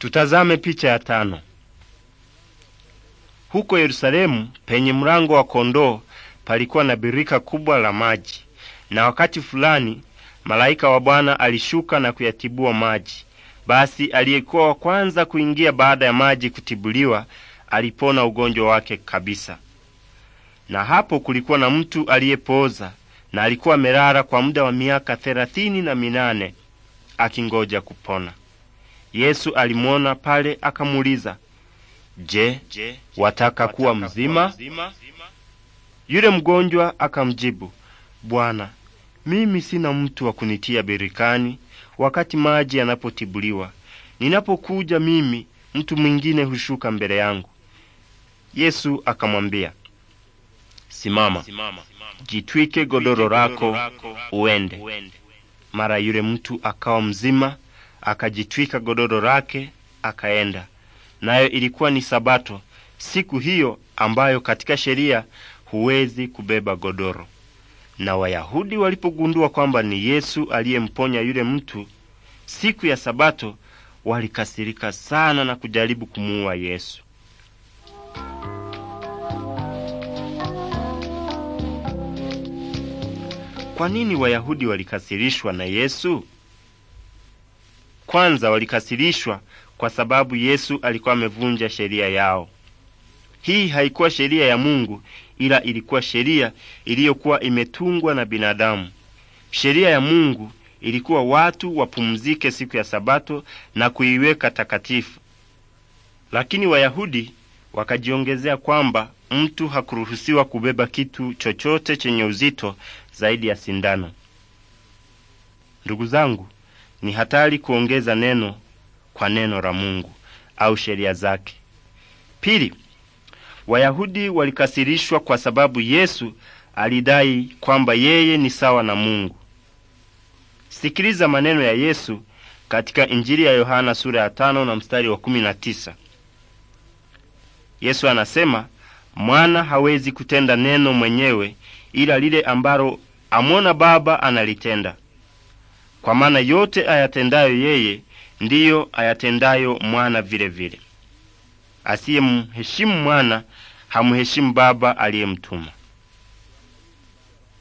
Tutazame picha ya tano. Huko Yerusalemu penye mlango wa kondoo palikuwa na birika kubwa la maji, na wakati fulani malaika wa Bwana alishuka na kuyatibua maji. Basi aliyekuwa wa kwanza kuingia baada ya maji kutibuliwa alipona ugonjwa wake kabisa. Na hapo kulikuwa na mtu aliyepooza na alikuwa amelala kwa muda wa miaka thelathini na minane akingoja kupona. Yesu alimwona pale akamuuliza, Je, wataka kuwa mzima? Yule mgonjwa akamjibu, Bwana, mimi sina mtu wa kunitia berikani wakati maji yanapotibuliwa. Ninapokuja mimi, mtu mwingine hushuka mbele yangu. Yesu akamwambia, Simama, jitwike godoro lako uende. Mara yule mtu akawa mzima akajitwika godoro lake akaenda. Nayo ilikuwa ni Sabato, siku hiyo ambayo katika sheria huwezi kubeba godoro. Na Wayahudi walipogundua kwamba ni Yesu aliyemponya yule mtu siku ya Sabato, walikasirika sana na kujaribu kumuua Yesu. Kwa nini Wayahudi walikasirishwa na Yesu? kwanza walikasirishwa kwa sababu Yesu alikuwa amevunja sheria yao. Hii haikuwa sheria ya Mungu, ila ilikuwa sheria iliyokuwa imetungwa na binadamu. Sheria ya Mungu ilikuwa watu wapumzike siku ya Sabato na kuiweka takatifu, lakini Wayahudi wakajiongezea kwamba mtu hakuruhusiwa kubeba kitu chochote chenye uzito zaidi ya sindano. Ndugu zangu, ni hatari kuongeza neno kwa neno la Mungu au sheria zake. Pili, Wayahudi walikasirishwa kwa sababu Yesu alidai kwamba yeye ni sawa na Mungu. Sikiliza maneno ya Yesu katika Injili ya Yohana sura ya tano na mstari wa kumi na tisa. Yesu anasema, mwana hawezi kutenda neno mwenyewe, ila lile ambalo amwona Baba analitenda kwa maana yote ayatendayo yeye ndiyo ayatendayo mwana vile vile. Asiyemheshimu mwana hamheshimu Baba aliyemtuma.